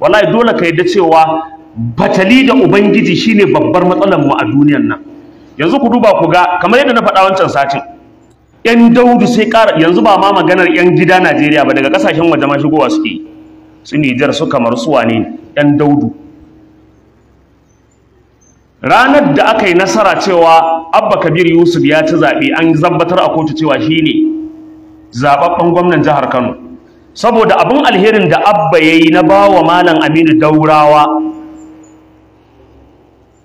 wallahi dole ka yadda cewa batali da ubangiji shine babbar matsalar mu a duniyar nan yanzu ku duba ku ga kamar yadda na faɗa wancan satin yan daudu sai ƙara yanzu ba ma maganar yan gida Najeriya ba daga kasashen waje ma shigowa suke su Nijar su kamar su wane yan daudu ranar da aka yi nasara cewa Abba Kabir Yusuf ya ci zaɓe an zabbatar a kotu cewa shine zaɓaɓɓen gwamnan jihar Kano saboda abin alherin da abba ya yi na bawa malam aminu daurawa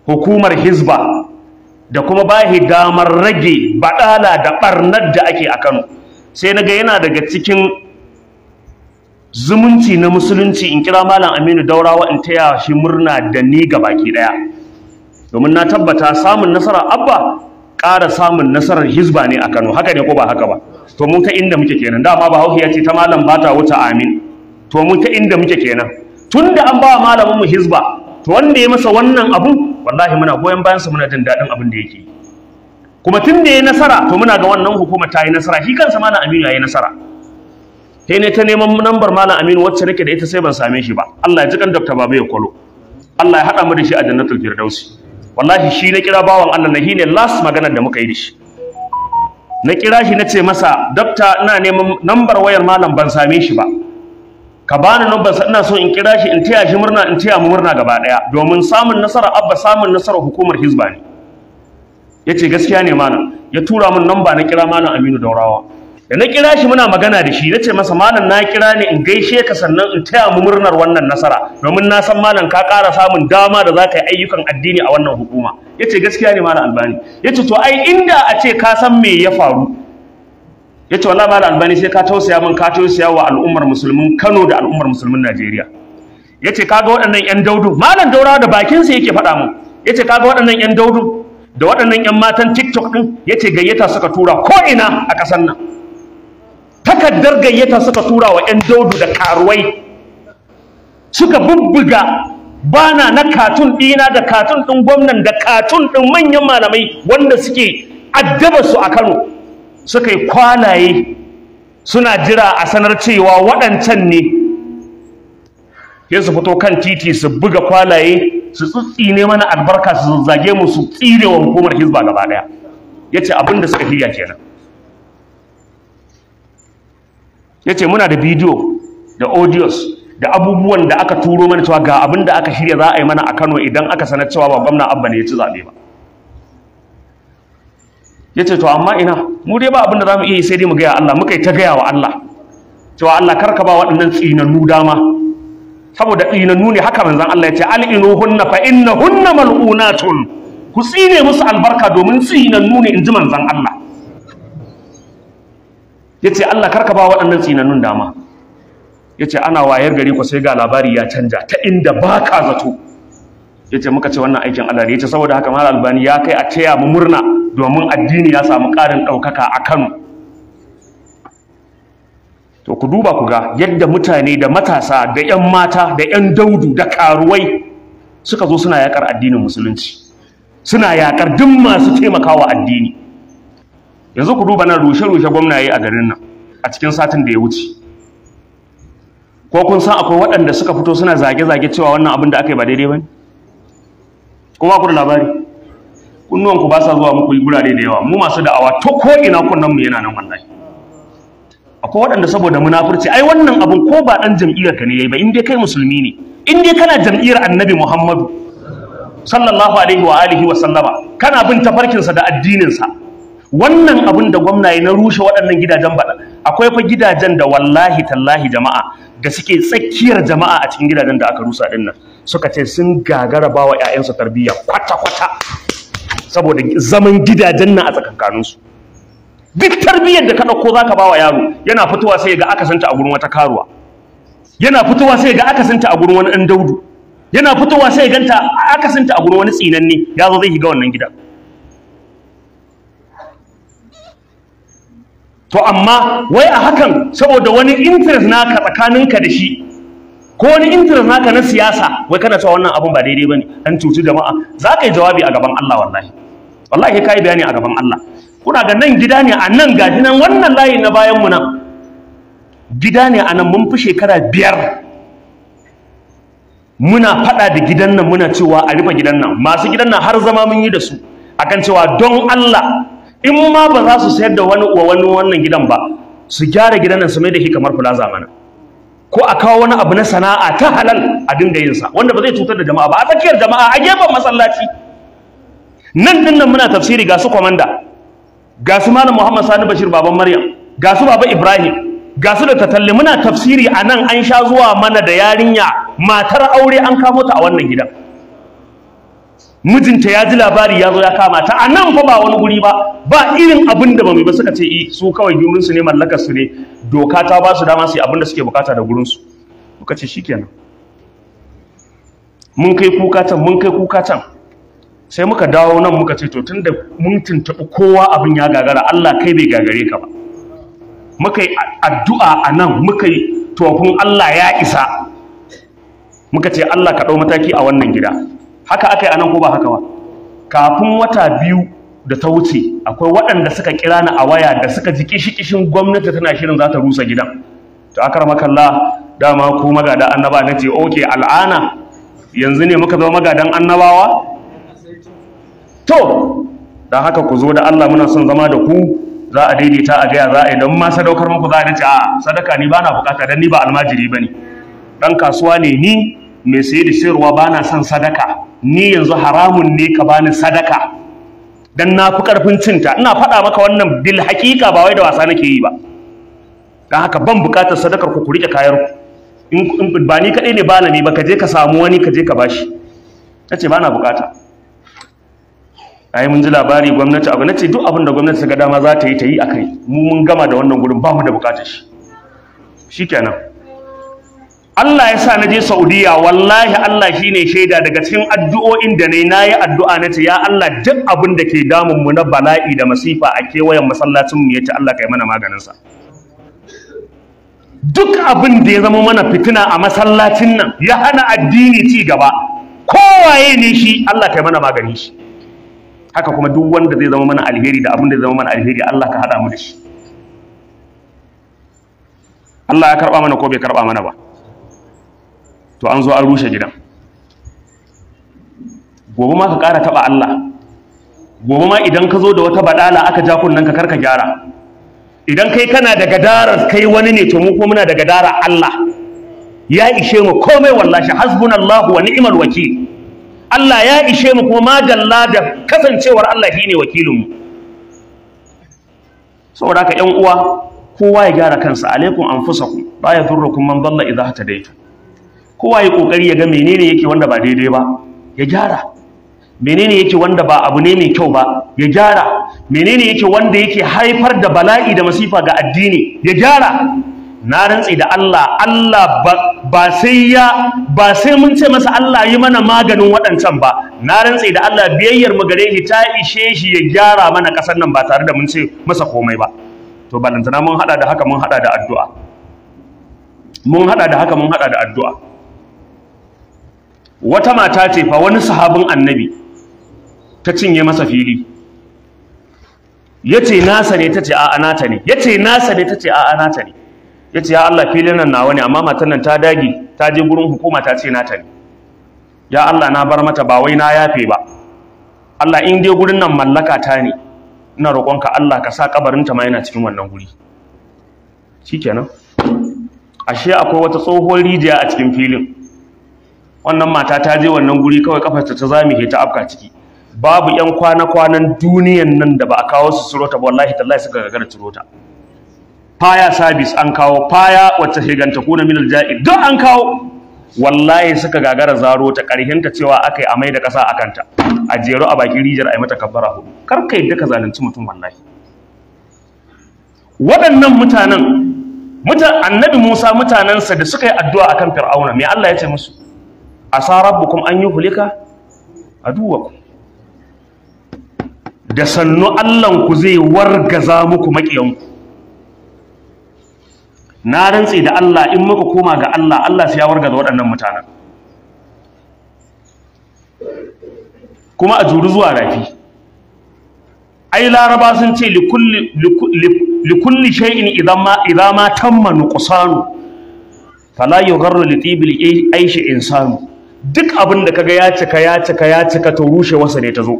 hukumar hizba da kuma bahi damar rage baɗala da ɓarnar da ake a kano sai na ga yana daga cikin zumunci na musulunci in kira malam aminu daurawa in taya shi murna da ni ga baki ɗaya domin na tabbata samun nasarar abba ƙara samun nasarar hizba ne a kano haka ne ko ba haka ba to mun ta inda muke kenan dama bahaushe ya ce ta malam bata ta wuta amin to mun ta inda muke kenan tunda an ba malamin mu hizba to wanda ya masa wannan abu wallahi muna goyon bayan sa muna jin dadin abin da yake kuma tunda ya nasara to muna ga wannan hukuma ta yi nasara shi kansa malam ya yi nasara sai ne ta neman lambar malam Aminu wacce nake da ita sai ban same shi ba Allah ya ji kan Dr. Baba ya kwalo Allah ya hada mu da shi a Jannatul Firdausi wallahi shi na kira bawan Allah na ne last maganar da muka yi da na kira shi na ce masa dokta ina neman lambar wayar malam ban same shi ba ka bani lambar ina so in kira shi in taya shi murna in taya mu murna gaba daya domin samun nasara abba samun nasara hukumar hizba ne yace gaskiya ne malam ya tura min lamba na kira malam Aminu Daurawa da na kira shi muna magana da shi nace masa malam na kira ne in gaishe ka sannan in taya mu murnar wannan nasara domin na san malam ka ƙara samun dama da za ka yi ayyukan addini a wannan hukuma yace gaskiya ne malam albani yace to ai inda a ce ka san me ya faru yace wallahi malam albani sai ka tausaya min ka tausaya wa al'ummar musulmin Kano da al'ummar musulmin Najeriya yace kaga waɗannan ƴan daudu malam daurawa da bakin bakinsa yake faɗa min yace kaga waɗannan yan daudu da waɗannan yan matan TikTok din yace gayyata suka tura ko ina a ƙasar nan takardar gayyata suka tura wa 'yan daudu da karuwai suka bubbuga bana na katun ɗina da katun ɗin gwamnan da katun ɗin manyan malamai wanda suke addaba su a kano suka yi kwanaye suna jira a sanar cewa waɗancan ne sai su fito kan titi su buga kwalaye su tsutsi ne mana albarka su zage mu su tsirewa hukumar hisba gaba ɗaya ya ce abinda suka shirya kenan Ya ce muna da bidiyo da audios da abubuwan da aka turo mana cewa ga abin da aka shirya za a yi mana a Kano idan aka sanar cewa ba gwamna Abba ne ya ci zaɓe ba Ya ce to amma ina mu dai ba abin da zamu iya yi sai dai mu gaya Allah muka yi ta gaya wa Allah cewa Allah karka ba waɗannan tsinannu dama saboda tsinannu ne haka manzan Allah Ya ce al'inu hunna fa inna hunna mal'unatun ku tsine musu albarka domin tsinannu ne inji manzon Allah Ya ce Allah karka ba waɗannan tsinanin dama Ya ce ana wayar gari ku sai ga labari ya canja ta inda baka zato Ya ce muka ce wannan aikin Allah ya ce saboda haka Malam Albani ya kai a taya mu murna domin addini ya samu ƙarin ɗaukaka a Kano to ku duba ku ga yadda mutane da matasa da 'yan mata da 'yan daudu da karuwai suka zo suna yaƙar addinin musulunci suna yaƙar duk masu taimakawa addini yanzu ku duba nan rushe-rushe yi a garin nan a cikin satin da ya wuce ko kun san akwai waɗanda suka fito suna zage-zage cewa wannan abin da aka yi ba daidai ba ne kuma ku da labari kunnuwanku ba sa zuwa muku gurare da yawa mu masu da'awa to ko'ina ina kunnanmu yana nan wallahi akwai waɗanda saboda munafurci ai wannan abin ko ba ɗan jam'iyyar ka ne yayi ba in dai kai musulmi ne in dai kana jam'iyyar annabi muhammadu sallallahu alaihi wa alihi wa sallama kana bin tafarkinsa da addininsa wannan abin da gwamna ya na rushe waɗannan gidajen baɗa akwai fa gidajen da wallahi tallahi jama'a da suke tsakiyar jama'a a cikin gidajen da aka rusa ɗin nan suka ce sun gagara ba wa 'ya'yansu tarbiyya kwata-kwata saboda zaman gidajen nan a su. duk tarbiyyar da ka ɗauko za ka ba wa yaro yana fitowa sai ga aka santa a gurin wata karuwa yana fitowa sai ga aka santa a gurin wani ɗan daudu yana fitowa sai ganta aka santa a gurin wani tsinanne ya zo zai shiga wannan gidan to amma wai a hakan saboda wani interest naka tsakaninka da shi ko wani interest naka na siyasa wai kana cewa wannan abun ba daidai bane an cuci jama'a za ka yi jawabi a gaban Allah wallahi wallahi kai bayani a gaban Allah kuna ga nan gida ne a nan ga nan wannan layi na bayan mu nan gida ne a nan mun fi shekara biyar muna faɗa da gidan nan muna cewa a rufe gidan nan masu gidan nan har zama mun yi da su akan cewa don Allah in ma ba za su sayar da wani wa wani wannan gidan ba su gyara gidan nan su mai da shi kamar plaza mana ko a kawo wani abu na sana'a ta halal a dinga yin sa wanda ba zai cutar da jama'a ba a tsakiyar jama'a a gefen masallaci nan din nan muna tafsiri ga su kwamanda, ga su malam Muhammad Sani Bashir baban Maryam ga su baba Ibrahim ga su da tatalli muna tafsiri anan an sha zuwa mana da yarinya matar aure an kamo ta a wannan gidan mijinta ya ji labari ya zo ya kama ta a nan fa ba wani guri ba ba irin abin da bamu ba suka ce eh su kawai gurinsu ne mallakar su ne doka ta ba su dama su yi abin da suke bukata da gurinsu muka ce shikenan mun kai kuka can mun kai kuka can sai muka dawo nan muka ce to tunda mun tuntuɓi kowa abin ya gagara Allah kai bai gagare ka ba muka yi addu'a a nan muka yi tofin Allah ya isa muka ce Allah ka ɗau mataki a wannan gida haka aka yi anan ko ba haka ba kafin wata biyu da ta wuce akwai waɗanda suka kira ni a waya da suka ji kishi-kishin gwamnati tana shirin za ta rusa gidan to akar makalla dama ku magada annaba na ce oke al'ana yanzu ne muka zama magadan annabawa to da haka ku zo da Allah muna son zama da ku za a daidaita a gaya za a yi don ma sadaukar muku za a dace a sadaka ni ba na bukata don ni ba almajiri ba ne ɗan kasuwa ne ni mai sayi da sayarwa ba na son sadaka ni yanzu haramun ne ka bani sadaka dan na fi karfin cinta ina faɗa maka wannan bil haƙiƙa ba wai da wasa nake yi ba dan haka ban buƙatar sadakar ku ku riƙe kayar ku in ba ni kaɗai ne balami ba ka je ka samu wani ka je ka bashi Na ce ba na buƙata ai mun ji labari gwamnati abu na ce duk abin da gwamnati ta ga dama za ta yi ta yi a kai mu mun gama da wannan gurin ba mu da buƙatar shi shikenan Allah ya sa na je Saudiya wallahi Allah shine shaida daga cikin addu'o'in da nayi nayi addu'a na nace ya Allah duk abin da ke damun mu na bala'i da masifa a kewayen masallacin mu yace Allah kai mana maganin sa duk abin da ya zama mana fitina a masallacin nan ya hana addini ci gaba kowaye ne shi Allah kai mana maganin shi haka kuma duk wanda zai zama mana alheri da abin da zai zama mana alheri Allah ka hada mu da shi Allah ya karba mana ko bai karba mana ba to an zo an rushe gidan gobe ma ka ƙara taɓa Allah gobe ma idan ka zo da wata baɗala aka ja kunnen ka karka gyara idan kai kana da gadarar kai wani ne to mu kuma muna da gadara Allah ya ishe mu komai wallahi hasbunallahu wa ni'mal wakil Allah ya ishe mu kuma madalla da kasancewar Allah shine wakilin mu saboda haka ƴan uwa kowa ya gyara kansa alaikum anfusakum la yadhurrukum man dalla ta hadaytum kowa ya kokari ya ga menene yake wanda ba daidai ba ya gyara menene yake wanda ba abu ne mai kyau ba ya gyara menene yake wanda yake haifar da bala'i da masifa ga addini ya gyara na rantsi da Allah Allah ba sai ya ba sai mun ce masa Allah yi mana maganin waɗancan ba na rantsi da Allah biyayyar mu gare shi ta ishe shi ya gyara mana ƙasar nan ba tare da mun ce masa komai ba to balantana mun hada da haka mun hada da addu'a mun hada da haka mun hada da addu'a wata mata ce fa wani sahabin annabi ta cinye masa fili yace nasa ne tace a'a nata ne yace nasa ne tace a'a nata ne yace ya Allah filin nan nawa ne amma matan nan ta dage ta je gurin hukuma ta ce nata ne ya Allah na bar mata ba wai na yafe ba Allah in dai gurin nan mallaka ta ne ina roƙonka Allah ka sa kabarinta ma yana cikin wannan guri shikenan ashe akwai wata tsohuwar rijiya a cikin filin wannan mata ta je wannan guri kawai kafarta ta zamihe ta afka ciki babu yan kwana-kwanan duniyan nan da ba a kawo su surota ba wallahi tallahi suka gagara surota faya sabis an kawo faya wacce higanta kuna minal ja'i duk an kawo wallahi suka gagara zaro ta ƙarhinta cewa akai amai da ƙasa a kanta a jero a bakin rijiyar a yi mata kabbara hudu kar ka yadda ka zalunci mutum wallahi waɗannan mutanen annabi musa mutanensa da suka yi addu'a akan fir'auna me allah ya ce musu asa rabbukum an yuhlika ku. da sannu ku zai wargaza muku maƙiyanku na rantse da Allah in muka koma ga Allah Allah sai ya wargaza waɗannan mutanen kuma a juru zuwa rafi ai laraba sun ce likulli sha'in idan ma tamma fala yi li litibili aishi insanu duk abin da kaga ya cika ya cika ya cika to rushe wasa ne ta zo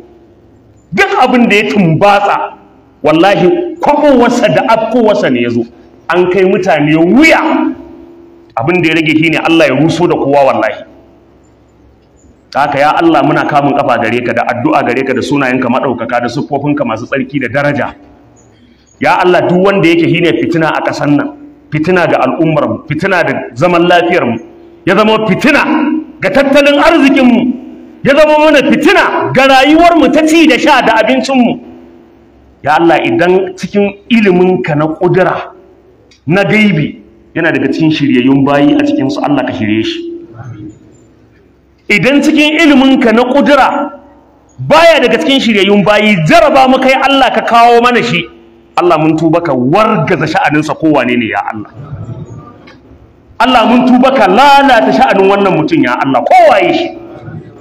duk abin da ya tumbatsa wallahi wasa da wasa ne ya zo an kai mutane wuya abin da ya rage shine Allah ya ruso da kowa wallahi haka ya Allah muna kamun kafa gare ka da addu'a gare ka da sunayenka madaukaka da siffofinka masu tsarki da daraja ya Allah duk wanda yake shine fitina a ƙasar nan fitina ga al'ummar mu fitina da zaman lafiyar mu ya zama fitina ga tattalin arzikinmu ya zama mana fitina ga rayuwarmu ta ci da sha da abincinmu ya Allah idan cikin iliminka na ƙudura na gaibi yana daga cikin shiryayyun bayi a cikinsu Allah ka shirye shi idan cikin iliminka na ƙudura baya daga cikin shiryayyun bayi jaraba mu kai Allah ka kawo mana shi Allah mun tuba ka wargaza sha'aninsa kowane ne ya Allah Allah mun tuba ka lalata sha'anin wannan mutum ya Allah kowaye shi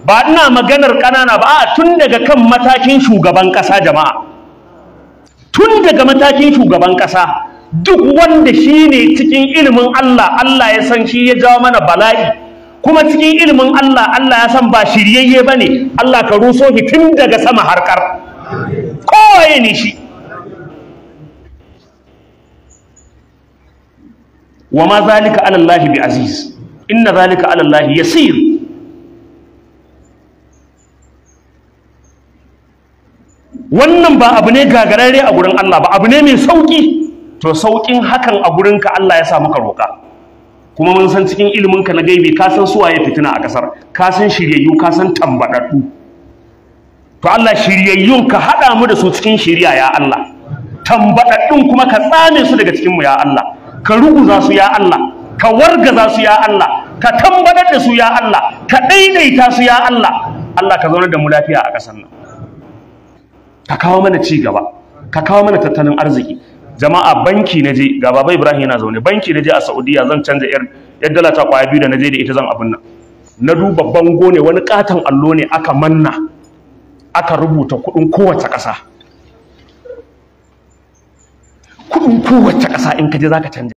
ba ina maganar ƙanana ba a tun daga kan matakin shugaban ƙasa jama'a tun daga matakin shugaban ƙasa duk wanda shi ne cikin ilimin Allah Allah ya san shi ya jawo mana bala'i kuma cikin ilimin Allah Allah ya san ba shiryayye ba ne Allah ka ruso shi tun daga sama harkar kowaye ne shi wa ma zalika ala Allah bi aziz inna zalika ala yasir wannan ba abu ne gagararre a gurin Allah ba abu ne mai sauki to saukin hakan a gurinka Allah ya sa maka roƙa kuma mun san cikin iliminka na gaibi ka san suwaye fitina a kasar ka san shiryayyu ka san tambadaddu to Allah shiryayyun ka hada mu da su cikin shiriya ya Allah tambadaddun kuma ka tsame su daga cikin mu ya Allah ka ruguza su ya Allah ka wargaza su ya Allah ka tambadar da su ya Allah ka daidaita su ya Allah Allah ka zaunar da mu lafiya a ƙasar nan ka kawo mana ci gaba ka kawo mana tattalin arziki jama'a banki na je ga baba Ibrahim yana zaune banki na je a Saudiya zan canza yar dala ta kwaya biyu da na je da ita zan abin nan na duba bango ne wani katon allo ne aka manna aka rubuta kuɗin kowace ƙasa kuɗin kowace ƙasa in ka je zaka canza.